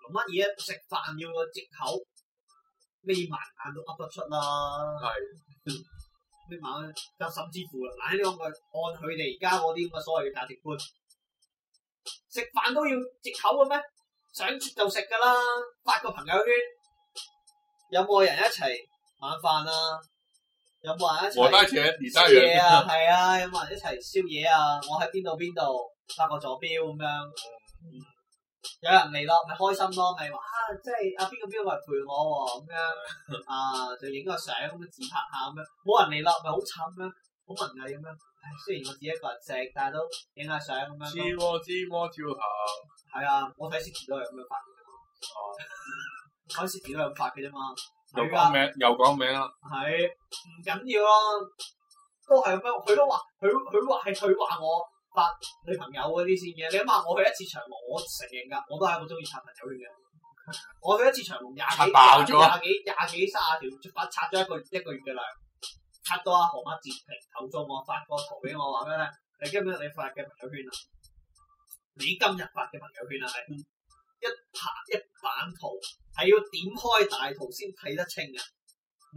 諗乜嘢？食飯要個藉口。眯埋眼都噏得出啦，係眯埋？甚至乎啦，嗱，你講佢按佢哋而家嗰啲咁嘅所謂嘅價值觀，食飯都要藉口嘅咩？想食就食噶啦，發個朋友圈，有冇人一齊晚飯啊？有冇人一齊？我帶錢，你帶嘢啊，係啊，啊，有冇人一齊宵夜啊？我喺邊度邊度，發個座標咁樣。嗯有人嚟咯，咪開心咯，咪話，即係阿邊個邊個嚟陪我喎、啊，咁樣啊，啊就影個相咁樣自拍下咁樣、啊。冇人嚟咯，咪好慘啦，好文藝咁樣、啊。雖然我自己一個人食，但係都影下相咁樣、啊。蜘蛛知蛛照下。係啊，我睇薛之謙都有咁樣發嘅啫嘛。哦 [laughs] 上，睇薛之謙都有發嘅啫嘛。又講名，又講名啦。係、啊，唔緊要咯，都係咁樣、啊。佢都話，佢佢話係佢話我。發女朋友嗰啲先嘅，你諗下我去一次長隆，我承認噶，我都係好中意刷朋友圈嘅。我去一次長隆廿幾廿幾廿幾卅條，即係刷咗一個一個月嘅量，刷到阿何馬截屏投訴我，發個圖俾我話咩咧？你今日你發嘅朋友圈啊？你今日發嘅朋友圈啊係一拍一版圖，係要點開大圖先睇得清嘅，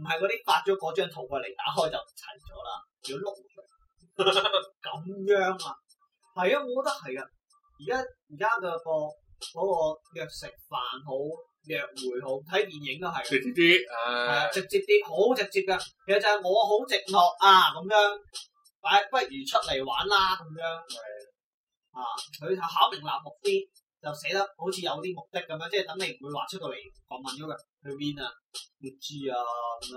唔係嗰啲發咗嗰張圖過嚟，打開就齊咗啦，要碌出嚟咁樣啊？係啊，我覺得係啊。而家而家個、那個嗰、那個約食飯好，約會好，睇電影都係、啊。直接啲，誒、uh,，直接啲，好直接噶。其實就係我好寂寞啊，咁樣，誒、啊，不如出嚟玩啦，咁樣。係、嗯。啊，佢就考明立目啲，就寫得好似有啲目的咁樣，即係等你唔會話出到嚟問問咗㗎。去邊啊？唔知啊，咁樣，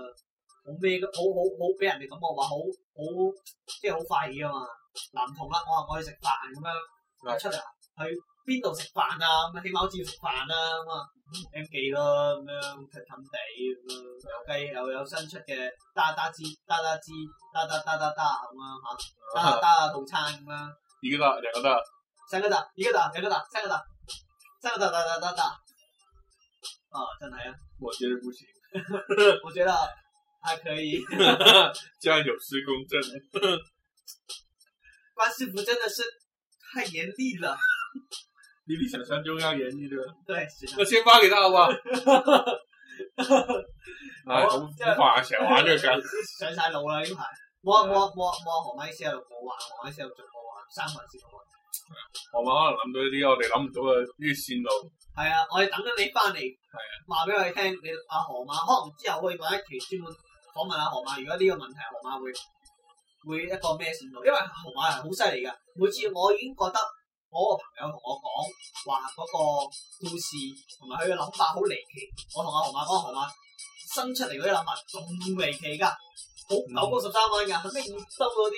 好咩好好好，俾人哋感覺話好好，好，好，即係好快噶嘛。男同啦，我話我去食飯咁樣，出嚟，去邊度食飯啊？咁啊，起碼好似要食飯啊嘛。M 記咯，咁樣，氹氹地咁樣，有雞又有新出嘅得得支，得得支，得得得得得咁啊，吓，得得套餐咁啦。一個打，兩個打，三個打，一個打，兩個打，三個打，三個打打打打打。啊，真係啊！我覺得唔行， [laughs] [laughs] 我覺得還可以，竟 [laughs] 然有失公正。 [laughs] 關師傅真的是太嚴厲了，你比想像中要嚴厲對吧？對，啊、我先發給他好不好？啊、 [laughs] 哎，好，我玩啊，想玩就想 [laughs] 上晒腦了，已經、啊。我我我我何馬一路摸，媽玩何馬一路仲摸玩三環系統。何馬可能諗到呢、這、啲、個，我哋諗唔到嘅呢啲線路。係啊，我哋等緊你翻嚟，係啊，話俾我哋聽。你阿何馬可能之後可以搞一期專門訪問阿何馬，如果呢個問題，何馬會。會一個咩程度？因為紅馬人好犀利㗎，每次我已經覺得我個朋友同我講話嗰個故事同埋佢嘅諗法好離奇。我同阿紅馬講，紅馬新出嚟嗰啲諗法仲離奇㗎，好九曲十三彎㗎，後屘要收嗰啲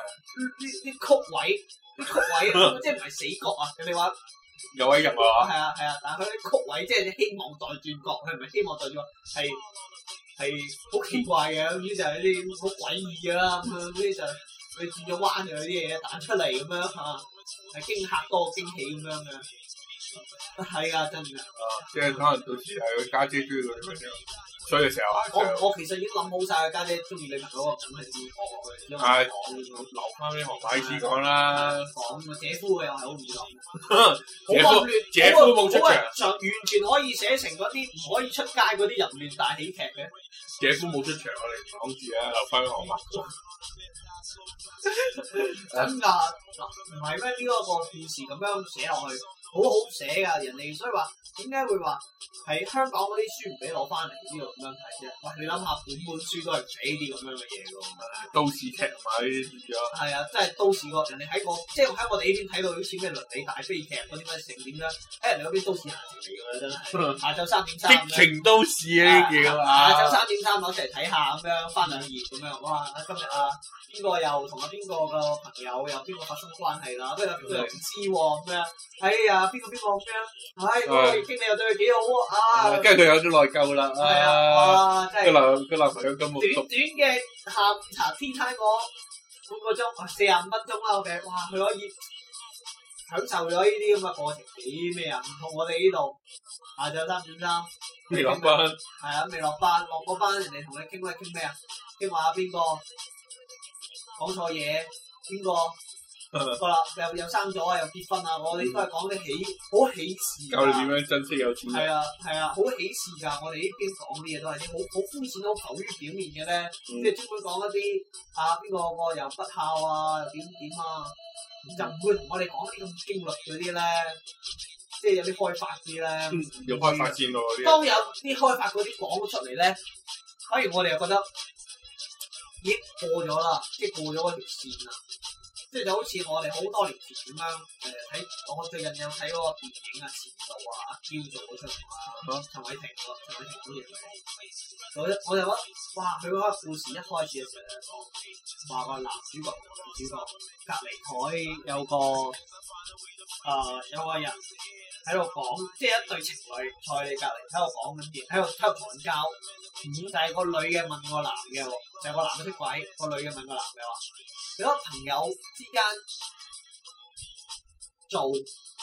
呢呢曲位，呢曲位即係唔係死角啊？哋話有位入啊？係啊係啊，啊，但係佢啲曲位即係你希望再轉角，佢唔係希望再轉角係。係好奇怪嘅，好似就係啲好詭異啦。咁樣，好似就佢轉咗彎，有啲嘢彈出嚟咁樣吓，係驚吓多驚喜咁樣嘅，係啊真係啊，即係可能到時係佢家姐追佢咁樣。嘅時候，我我，我其實已經諗好曬家姐中意你嗰個咁嘅故事講落去，因為講、啊、留翻啲學廢事講啦，講姐、啊、夫嘅又係好易諗，好惡亂姐夫冇出場，完全可以寫成嗰啲唔可以出街嗰啲人亂大喜劇嘅，姐夫冇出場，我哋講住啦，留翻啲學物。真 [laughs] 噶、啊？唔係咩？呢、啊、一、這個、個故事咁樣寫落去。好好寫噶，人哋所以話點解會話喺香港嗰啲書唔俾攞翻嚟，呢個咁樣睇啫？喂，你諗下，本本書都係寫啲咁樣嘅嘢噶，都市劇同埋呢啲啊，係啊，真係都市劇，人哋喺個即係喺我哋呢邊睇到好似咩倫理大悲劇嗰啲咩成點樣喺人哋嗰邊都市行嚟噶真係，嗯，下晝三點三激情都市了啊呢啲嘢，下晝三點三我看一齊睇下咁樣，樣，翻兩頁咁樣，哇！今日啊邊個又同啊邊個個朋友又邊個發生關係啦？跟住又唔知喎咁，啊邊個邊個咁樣？係，我哋傾，你又對佢幾好啊！跟住佢有啲內疚啦。係啊，哇，真係。個男個男朋友咁惡毒。短短嘅下午茶，天梯我半個鐘，四十五分鐘啦，OK。哇，佢可以享受咗呢啲咁嘅過程，幾咩啊？唔同我哋呢度下晝三點半。未落班。係啊，未落班，落咗班人哋同你傾咩？傾咩啊？傾話邊個講錯嘢？邊個？係 [laughs] 啦，又又生咗啊，又結婚啊、嗯，我哋都該係講啲喜，好喜事。教你點樣珍惜有錢人。係啊係啊，好喜事噶，我哋呢邊講啲嘢都係啲好好膚淺、好浮於表面嘅咧。即係專門講一啲啊，邊個個又不孝啊，又點點啊，嗯、就唔會同我哋講啲咁經歷嗰啲咧，即係有啲開發啲咧、嗯。有開發戰咯嗰啲。當有啲開發嗰啲講咗出嚟咧，反而我哋又覺得，越、欸、過咗啦，即係過咗嗰條線啦。即係就好似我哋好多年前咁樣誒，睇、呃、我最近有睇嗰個電影啊，前度啊，阿嬌嗰出啊，陳偉霆喎，陳偉霆好出嚟，嗰一我哋嗰，哇！佢嗰個故事一開始嘅時候，就講話個男主角同女主角隔離台有個誒、呃、有個人喺度講，即、就、係、是、一對情侶你隔離喺度講緊嘢，喺度喺度拌交。咁、嗯、但係個女嘅問個男嘅喎，就是、個男嘅識鬼，個女嘅問個男嘅話。你覺得朋友之間做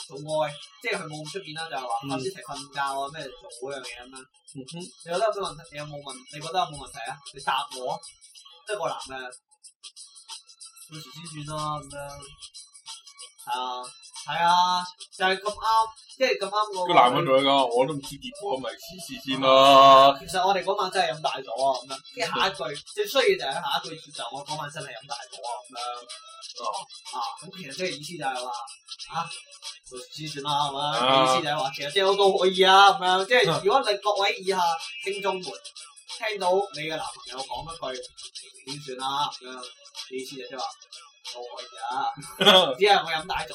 做愛，即係佢冇出面啦，就係話頭先齊瞓覺啊，咩做嗰樣嘢咁啦。你覺得有冇問題？你有冇問題？你覺得有冇問題啊？你答我，即係個男嘅到時先算咯、啊。好。係啊，就係咁啱，即係咁啱個女男人。男朋友我都唔知結果，咪試試先咯、啊嗯。其實我哋嗰晚真係飲大咗啊！咁樣，下一句、嗯、最需要就係下一句其實，我嗰晚真係飲大咗啊！咁樣啊，咁、嗯嗯嗯、其實即係意思就係話，啊，就知算啦，係咪。意思就係話，其實我都可以啊，咁、嗯、樣。即係如果你各位以下聽眾們聽到你嘅男朋友講一句點算啊？咁樣，意思就即係話都可以啊。嗯嗯、只係我飲大咗。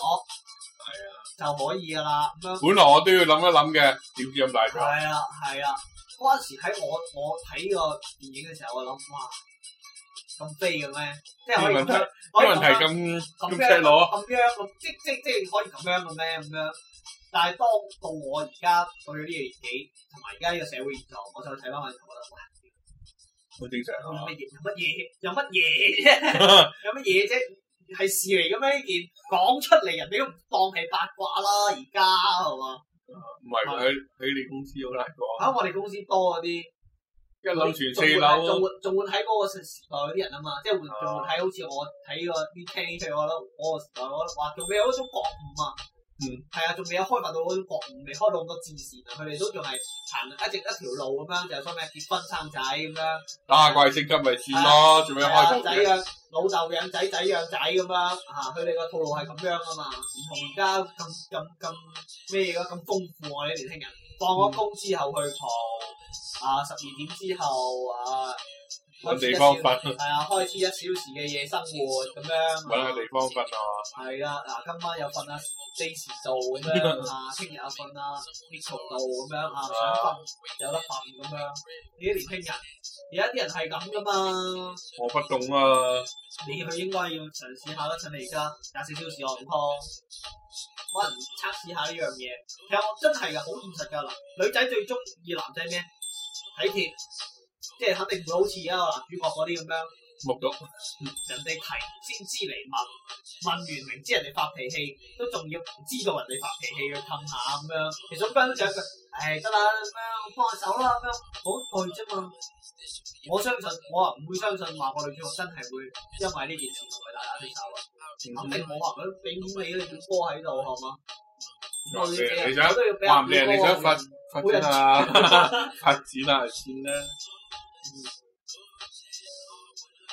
係啊，就可以噶啦咁樣。本來我都要諗一諗嘅，點知咁大架？係啊，係啦、啊，嗰陣時喺我我睇個電影嘅時候我，我諗哇，咁飛嘅咩？即係可以問題可以咁咁赤裸，咁樣咁即即即可以咁樣嘅咩？咁樣,樣,樣,樣,樣,樣,樣,樣,樣。但係當到我而家到咗呢個年紀，同埋而家呢個社會現狀，我就睇翻嘅時候，覺得哇，有乜嘢？有乜嘢？有乜嘢啫？有乜嘢啫？係事嚟嘅咩？呢件講出嚟，人哋都唔當係八卦啦。而家係嘛？唔係喺喺你公司好難講吓！我哋公司多嗰啲一,一樓傳四樓，仲會仲會睇嗰個時代嗰啲人啊嘛！即係仲會睇好似我睇個啲 case，我覺得嗰個時代，我覺得話仲未有一種樂趣啊！嗯，係啊，仲未有開發到嗰啲國，未開到咁多資源啊，佢哋都仲係行一直一條路咁樣，就係所謂結婚生仔咁樣，打、啊啊、怪升得咪似咯，做咩開生仔啊？養老豆養仔，仔養仔咁樣，吓，佢哋個套路係咁樣噶嘛，唔同而家咁咁咁咩嘢咁豐富啊，你年輕人，放咗工之後去蒲、嗯，啊十二點之後啊。地方瞓係啊，開始一小時嘅夜生活咁樣，搵個地方瞓啊！係啊。嗱，今晚有瞓啦、啊，定時做咁樣啊，聽日啊瞓啦，呢床度咁樣啊，想瞓有得瞓咁樣，啲、啊、年輕人而家啲人係咁噶嘛？我不懂啊！你去應該要嘗試下啦、啊。趁你而家廿四小時臥鋪，可能測試下呢樣嘢。其實我真係噶，好現實噶啦，女仔最中意男仔咩？體貼。即係肯定唔會好似啊，男主角嗰啲咁樣，目睹人哋提先知嚟問，問完明知人哋發脾氣，都仲要知道人哋發脾氣去氹下咁樣。其實中間一句，唉得啦咁樣，幫下手啦咁樣，好攰啫嘛。我相信我啊唔會相信話個女主角真係會因為呢件事同佢大打出手啊。嗯、肯定你冇可能頂你呢種波喺度好嘛？你想話咩、啊？你想發發展下、啊、 [laughs] 發展下算啦。 [laughs]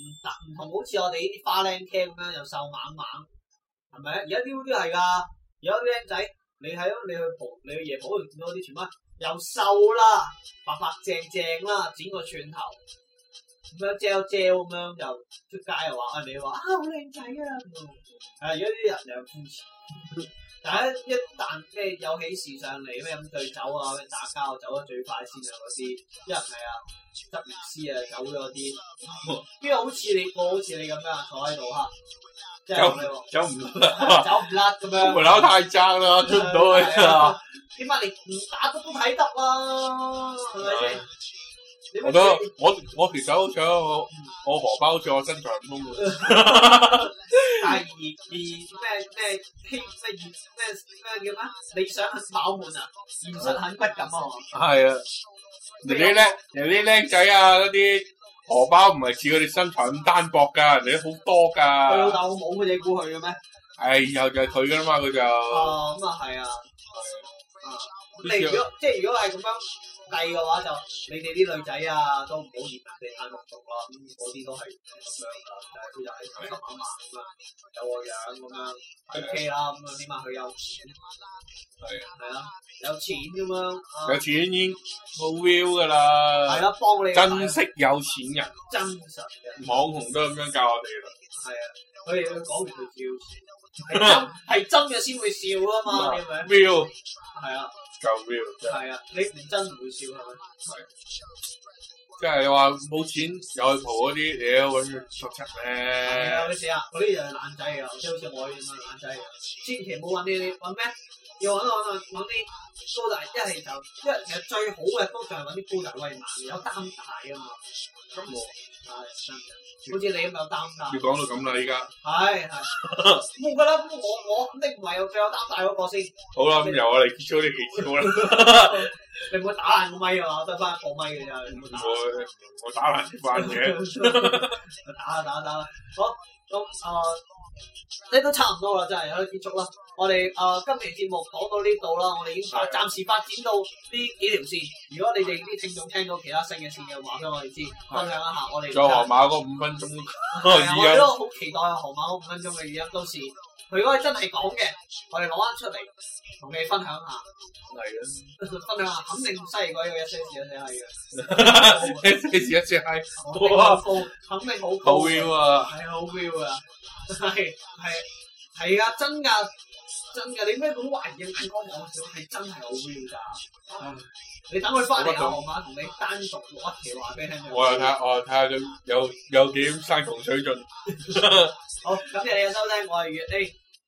唔同，好似我哋呢啲花靚聽咁樣，又瘦蜢蜢，係咪？而家啲都係噶，而家啲靚仔，你係咯，你去蒲，你去夜蒲，見到啲全部又瘦啦，白白淨淨啦，剪個寸頭咁樣焦焦咁樣，又出街又話啊，你話啊好靚仔啊，係而家啲人又係膚淺。 [laughs] 但一一旦咩有喜事上嚟，咩飲醉酒啊，咩打交，我走得最快先啊嗰啲，因為唔係啊？德明師啊，走咗啲。邊 [laughs] 個好似你我好似你咁樣坐喺度吓，走唔走唔 [laughs] 走唔甩咁樣？門 [laughs] 口太窄啦，出唔到 [laughs] 啊。起碼你唔打都都睇得啦，係咪先？ [laughs] 我都我我其實好想我我荷包好似我身材咁豐滿。第二次咩咩傾咩咩咩叫咩？理想很飽滿啊，現實很骨感哦。係啊，人哋咧人哋僆仔啊嗰啲荷包唔係似佢哋身材咁單薄噶，人哋都好多噶。佢老豆冇佢哋過去嘅咩？哎呀，就係佢噶啦嘛，佢就咁啊，係啊，啊。你如果即係如果係咁樣。計嘅話就你哋啲女仔啊，都唔好嫌太動作啦，咁嗰啲都係咁樣噶。但係佢就係十萬蚊咁樣，有個樣咁樣，OK 啦，咁啊起碼佢有錢係啊，係啊，有錢咁樣。有錢已經好 will 噶啦。係啊，幫你。珍惜有錢人。真實嘅。網紅都咁樣教我哋啦。係啊，佢哋講完就笑，係 [laughs] 真嘅先會笑啊嘛，will 係啊。嗯係啊，你你真唔會笑係咪？即、就、係、是哎、你話冇錢又做嗰啲，屌搵佢柒柒咩？有咩事啊？嗰啲又係懶仔嚟噶，即好似我咁啊懶仔，千祈唔好搵呢啲，搵咩？要搵搵搵啲高大，一係就一係其實最好嘅方向係搵啲高大威猛有擔大啊嘛。咁我好似你咁有擔大。要講到咁啦，依家係係冇噶啦，我我肯定唔係最有擔大嗰個先。好啦，咁、嗯、由我嚟結束呢幾招啦。 [laughs] 你唔好打爛個咪啊，得翻一個咪嘅咋。我我打爛，或 [laughs] 者打下打下打啦。好咁啊，呢、嗯呃、都差唔多啦，真係可以結束啦。我哋啊、呃，今期節目講到呢度啦，我哋已經暫時發展到呢幾條線。如果你哋啲聽眾聽到其他新嘅線嘅話，俾我哋知分享一下。我哋再河馬嗰五分鐘，我都好期待河馬嗰五分鐘嘅語音都市。佢如果真係講嘅，我哋攞翻出嚟同你分享一下，分享下肯定犀利過呢個一 s i 一係嘅、 [laughs] 嗯，一 s 一 s 係好啊，好、哦，肯定好，好 view 啊，係好 view 啊，係係係啊，真噶真噶，你咩咁懷疑？我講嘅嘢係真係好 view 噶，你等佢翻嚟我碼同你單獨攞一齊話俾你聽有有。我又睇，我又睇下佢有有，有幾點山窮水盡。好、 [laughs] [laughs] [laughs] 哦，今日你嘅收聽我係粵 A。Hey,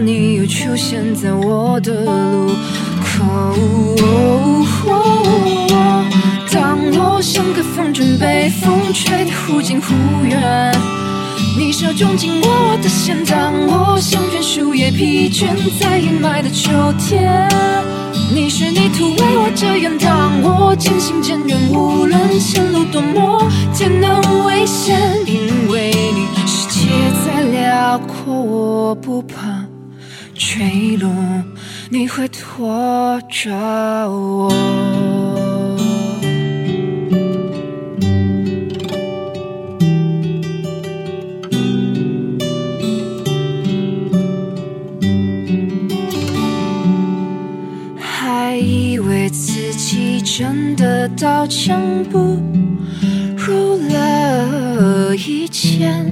你又出現在我的路口，哦。哦哦哦哦哦，當我像個風箏被風吹得忽近忽遠，你手中緊握我的線。當我像片樹葉疲倦在陰霾的秋天，你是泥土為我遮掩。當我漸行漸遠，無論前路多麼艱難危險，因為你，世界再遼闊我不怕。沒路，你會拖着我。還以為自己真的刀槍不入了一切。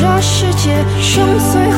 這世界上最。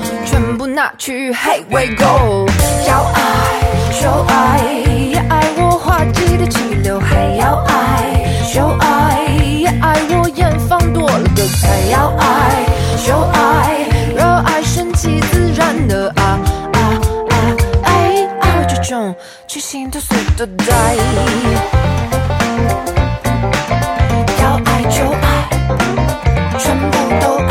那去，Hey We Go！要愛就愛，也愛我滑稽的齊劉海；還要愛就愛，也愛我鹽放多了的菜；要愛就愛，熱愛順其自然的愛，愛啊！愛、啊、愛、啊啊啊啊、這種，清新脫俗的呆。要愛就愛，全部都愛。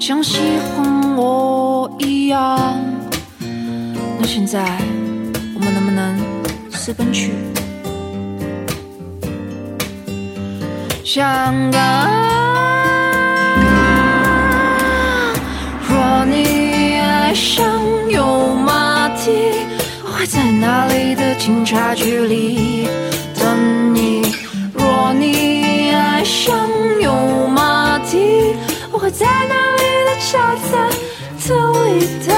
像喜歡我一樣，那現在我們能不能私奔去香港？若你愛上油麻地，我會在那裏的警察局裏等你。若你愛上油麻地，我會在那。下在等你，等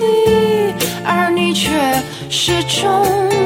你，而你卻始終。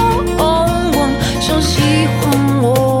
喜歡我。